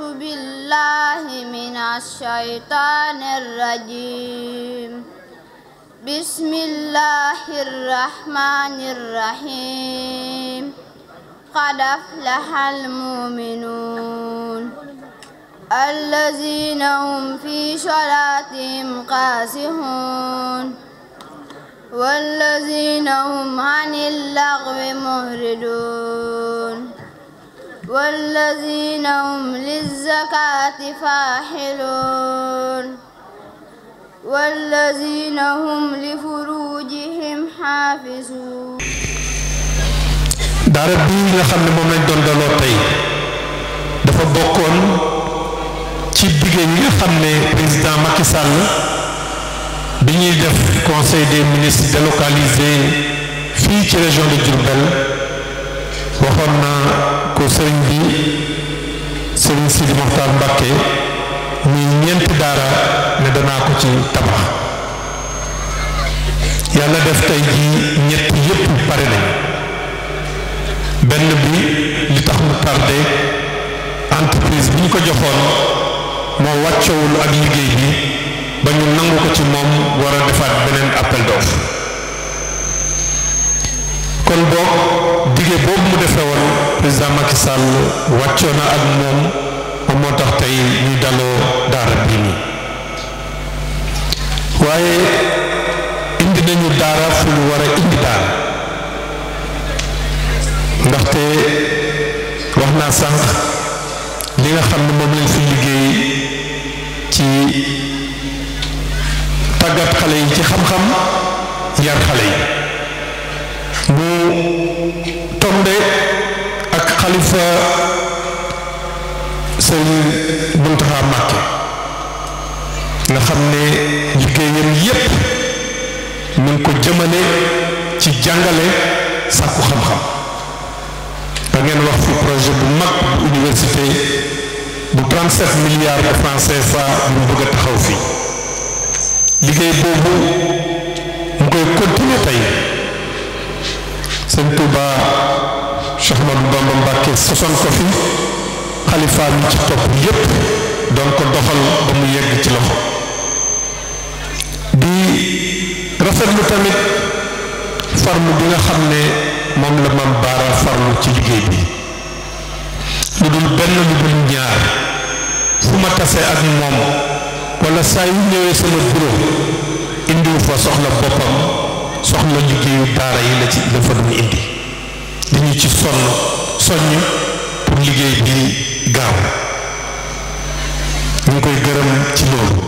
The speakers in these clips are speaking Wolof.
بالله من الشيطان الرجيم بسم الله الرحمن الرحيم قد أفلح المؤمنون الذين هم في صلاتهم قاسحون والذين هم عن اللغو مهردون والذين هم للزكاة فاحلون والذين هم لفروجهم حافظون daara bii nga xam ne moom lañ doon daloo tey dafa bokkoon ci digge ñi xam ne président Macky bi ñuy def conseil des ministres délocalisé fii ci région de Diourbel waxoon naa ko sëriñ bi sëriñ Sidi Moxtaar Mbàkke muy ñeenti daara ne danaa ko ci tabax yàlla def tey jii ñett yépp pare nañ benn bi li tax mu entreprise bi ñu ko joxoon moo wàccewul ak liggéey bi ba ñu nangu ko ci moom war a defaat beneen appel d'offre kon liggéey boobu mu defee woon président Macky Sall wàccoon na ak moom moom moo tax tey ñu daloo daara bii nii waaye indi nañu daara fu ñu war a indi daara ndaxte wax naa sànq li nga xam ne moom lañ fi liggéey ci tàggat xale yi ci xam-xam yar xale yi bu tombe ak xalifa sëñ Muntaxa Mbàkke nga xam ne liggéeyam yépp mu ngi ko jëmale ci jàngale sàkku xam-xam da ngeen wax fi projet bu mag bu université bu 37 milliards de francs CFA bu bëgg taxaw fii liggéey boobu mu koy continuer tey sëñ Touba Cheikh Ahmadou Bamba Mbacké sosoon ko fi xalifaam yi ci topp yépp doon ko doxal ba mu yegg ci loxo rafet rafetlu tamit farlu bi nga xam ne moom la Mame baaral farlu ci liggéey bi lu dul benn lu dul ñaar fu ma tasee ak moom wala saa yu ñëwee sama bureau indiwu soxla boppam soxla liggéeyu daara yi la ci la fa doon indi dañu ci sonn soññ pour liggéey bi gaaw ñu ngi koy gërëm ci loolu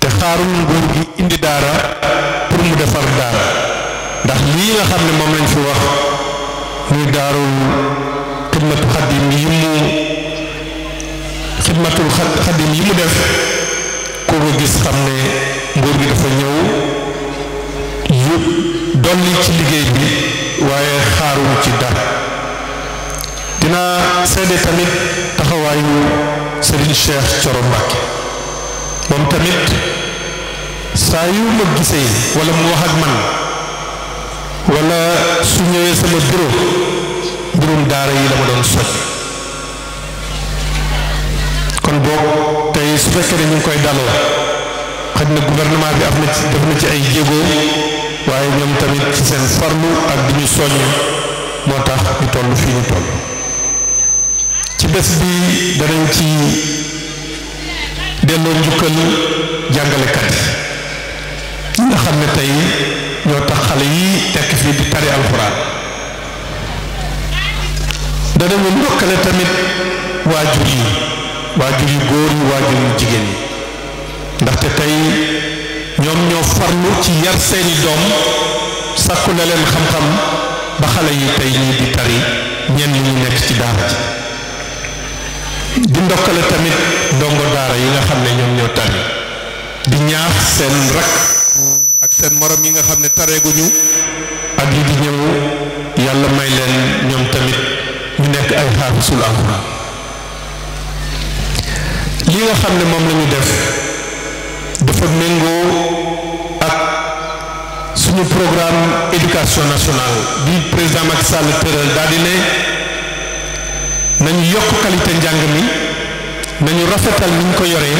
te xaarum nguur gi indi daara pour mu defar daara ndax lii nga xam ne moom lañ fi wax muy daarul xidmatu xadim yi mu def koo ko gis xam ne nguur gi dafa ñëw dolli ci liggéey bi waaye xaaru ci dara dinaa seede tamit taxawaayu Serigne Cheikh Thioro Mbacke moom tamit saa yu ma gisee wala mu wax ak man wala su ñëwee sama bureau mbirum daara yi la ma doon soj kon boog tey su fekkee ne ñu ngi koy daloo xaj na gouvernement bi am na ci ay jéego. waaye ñoom tamit ci seen farlu ak di ñu soññ moo tax ñu toll fii ñu toll ci bés bi danañ ci delloo njukkal jàngalekat yi nga xam ne tey ñoo tax xale yi tekk fii di tari alxuraan danañu ndokkale tamit waajur yi waajur yu góor yi waajur yu jigéen yi ndaxte tey ñoom ñoo farlu ci yar seeni doom sàkku na leen xam-xam ba xale yi tey ñii di tari ñenn ñi nekk ci daara ji di ndokkale tamit ndongo daara yi nga xam ne ñoom ñoo tari di ñaax seen rakk ak seen morom yi nga xam ne tareeguñu ak yi di ñëw yàlla may leen ñoom tamit ñu nekk ay xaafisul alxuraan li nga xam ne moom la ñu def dafa méngoo ak suñu programme éducation nationale bi président Macky Sall tëral daal di ne nañu yokk qualité njàng mi nañu rafetal ni ñu ko yore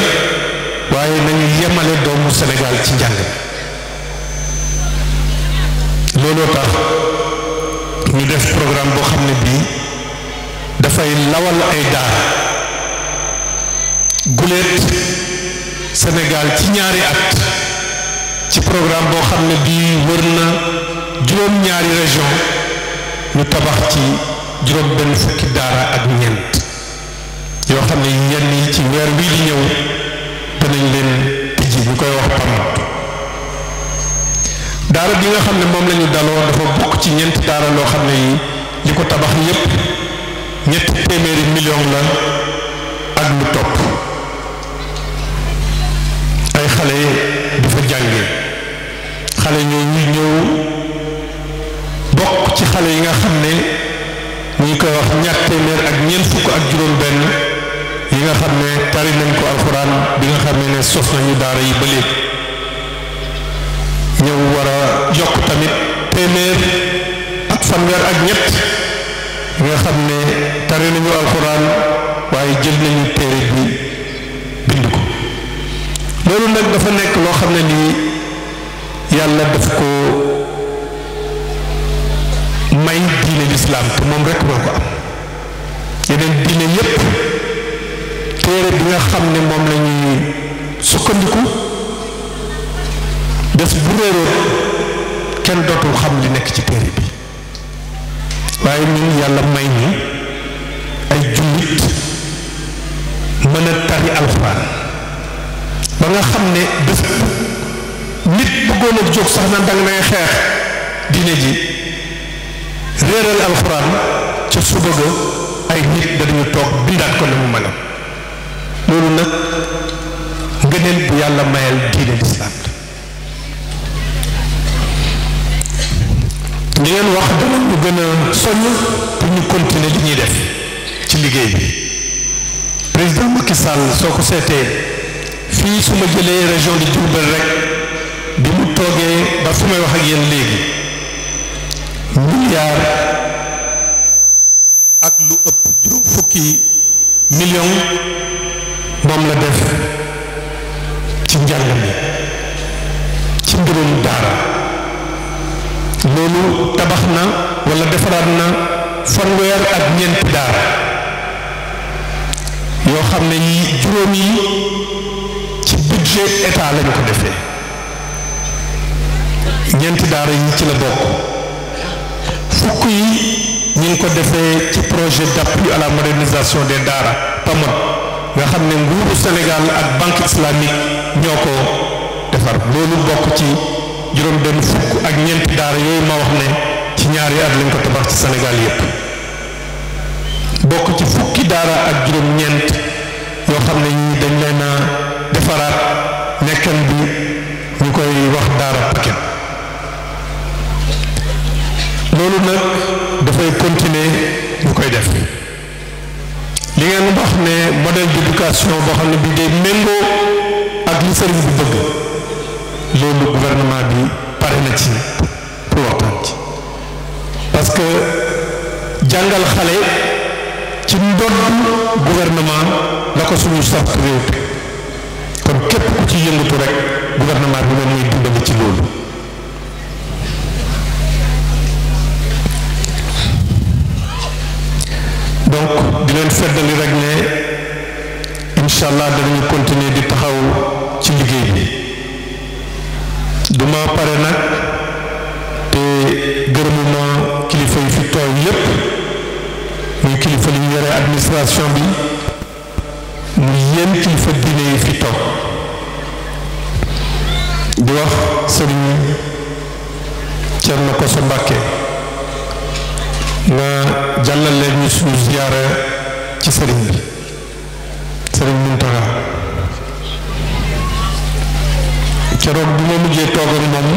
waaye nañu yemale doomu Sénégal ci njàng mi looloo tax ñu def programme boo xam ne bii dafay lawal ay daara guleet Sénégal ci ñaari at ci programme boo xam ne bii wër na juróom-ñaari région ñu tabax ci juróom benn fukki daara ak ñeent yoo xam ne yenn yi ci weer wii di ñëw danañ leen tijji ñu koy wax PAMAT daara bi nga xam ne moom lañu daloo dafa bokk ci ñeent daara loo xam ne yi li ko tabax yépp ñett téeméeri million la ak lu xale yi di fa jànge xale ñoo ñu ñëw bokk ci xale yi nga xam ne ñu ngi koy wax ñaar téeméer ak ñeent fukk ak juróom benn yi nga xam ne tari nañ ko alxuraan bi xam ne sos nañu daara yi ba léegi ñëw war a tamit téeméer ak ak ñett nga xam ne tari nañu alxuraan waaye jël nañu téere bi dafa nekk loo xam ne lii yàlla daf ko may diine lislaam te moom rek moo ko am yeneen diine yépp téere bi nga xam ne moom la ñuy sukkandiku des bu réeroon kenn dootul xam li nekk ci téere bi waaye ñun yàlla may ñu ay jullit mën a tari alxuraan ba nga xam ne bés nit bëggoon a jóg sax naan danga nay xeex diine ji réeral alxuraan ca suba ga ay nit dañu toog bindaat ko ne mu mën a loolu nag ngëneel bu yàlla mayal diine lislaam la ngeen wax dana ñu gën a soññ pour ñu continuer li ñuy def ci liggéey bi président Macky Sall soo ko seetee fii su ma jëlee région de Diourbel rek bi mu toogee ba su may wax ak yéen léegi milliard ak lu ëpp juróom fukki million moom la def ci njàng mi ci mbirum daara loolu tabax na walla defaraat na fanweer ak ñeenti daara yoo xam ne yi juróom yi budget état lañu ko defee ñeenti daara yi ci la bokk fukk ñu ngi ko defee ci projet d'appui à la modernisation des daara PAMOD nga xam ne nguuru Sénégal ak banque islamique ñoo ko defar loolu bokk ci juróom benn fukk ak ñeenti daara yooyu ma wax ne ci ñaari at lañ ko tabax ci Sénégal yépp bokk ci fukki daara ak juróom ñeent yoo xam ne ñi dañ leen a defaraat nekkan bi ñu koy wax daara Pikine loolu nag dafay continuer ñu koy def li ngeen wax ne modèle d'éducation boo xam ne bi day méngoo ak li sëriñ bi bëgg loolu gouvernement bi pare na ci pour waxtaan ci parce que jàngal xale ci ndodd gouvernement la ko suñu sart réew kon képp ku ci yëngatu rek gouvernement bi moom mooy dimbali ci loolu donc di leen feddali rek ne incha allah danañu di taxawul ci liggéey bi duma pare nag te gërëmuma kilifa yi fi toog yépp muy kilifa li ñu administration bi mu yéen kilifa diine yi fi toog di wax na ko Kosso Mbacké nga jàllal leen ñu suñu ziyaara ci sëriñ bi sëriñ Mountakha keroog bi ma mujjee toog ak moom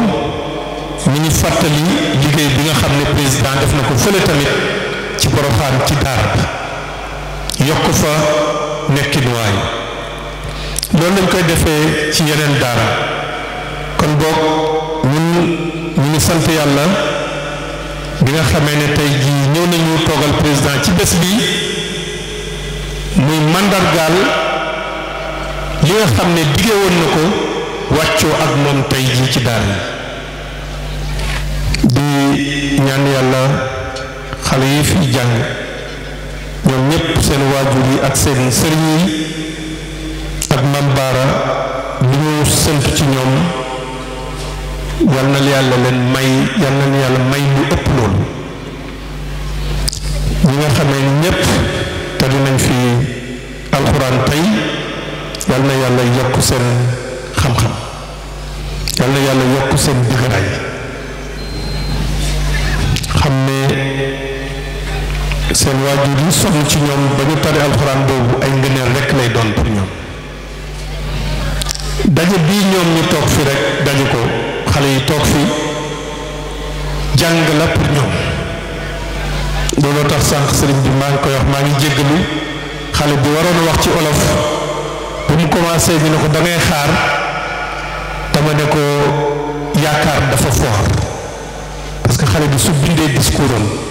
ñu ngi fàttali liggéey bi nga xam ne président def na ko fële tamit ci Porokhane ci daar bi yokk fa nekkin waay loolu lañ koy defee ci yeneen daara kon boog ñun ñu ngi sant yàlla bi nga xamee ne tey jii ñëw nañu toogal président ci bés bi muy màndargaal li nga xam ne dige na ko wàccoo ak moom tey jii ci daara yi di ñaan yàlla xale yi fi jàng ñoom ñëpp seen waajur yi ak seen sëriñ yi ak Mame Bara li ñu sant ci ñoom yal na yàlla leen may yal na yàlla may lu ëpp loolu ñi nga xamee ñëpp te nañ fi alxuraan tey yal na yàlla yokk seen xam-xam yal na yàlla yokk seen dëgëraay seen waajur yi sonn ci ñoom ba ñu tari alxuraan boobu ay ngëneel rekk lay doon pour ñoom daje bii ñoom ñu toog fi rek daje ko xale yi toog fi jàng la pour ñoom looloo tax sànq sëriñ bi maa ngi koy wax maa ngi jéggalu xale bi waroon wax ci olof bu mu commencé ñu ne ko da xaar tama ne ko yaakaar dafa foor parce que xale bi su bindee discours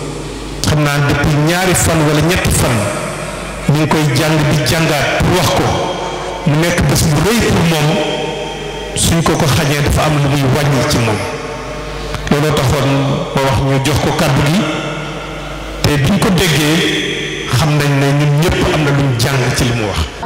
xam naa depuis ñaari fan wala ñett fan ñu ngi koy jàng di jàngaat pour wax ko mu nekk bés bu rëy pour moom suñ ko ko xañee dafa am lu muy wàññi ci moom looloo taxoon ma wax ñu jox ko kàddu gi te biñ ko déggee xam nañ ne ñun ñëpp am na luñ jàng ci li mu wax